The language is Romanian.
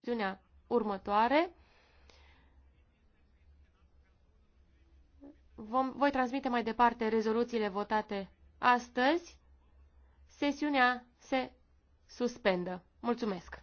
secțiunea următoare. Vom, voi transmite mai departe rezoluțiile votate astăzi. Sesiunea se suspendă. Mulțumesc!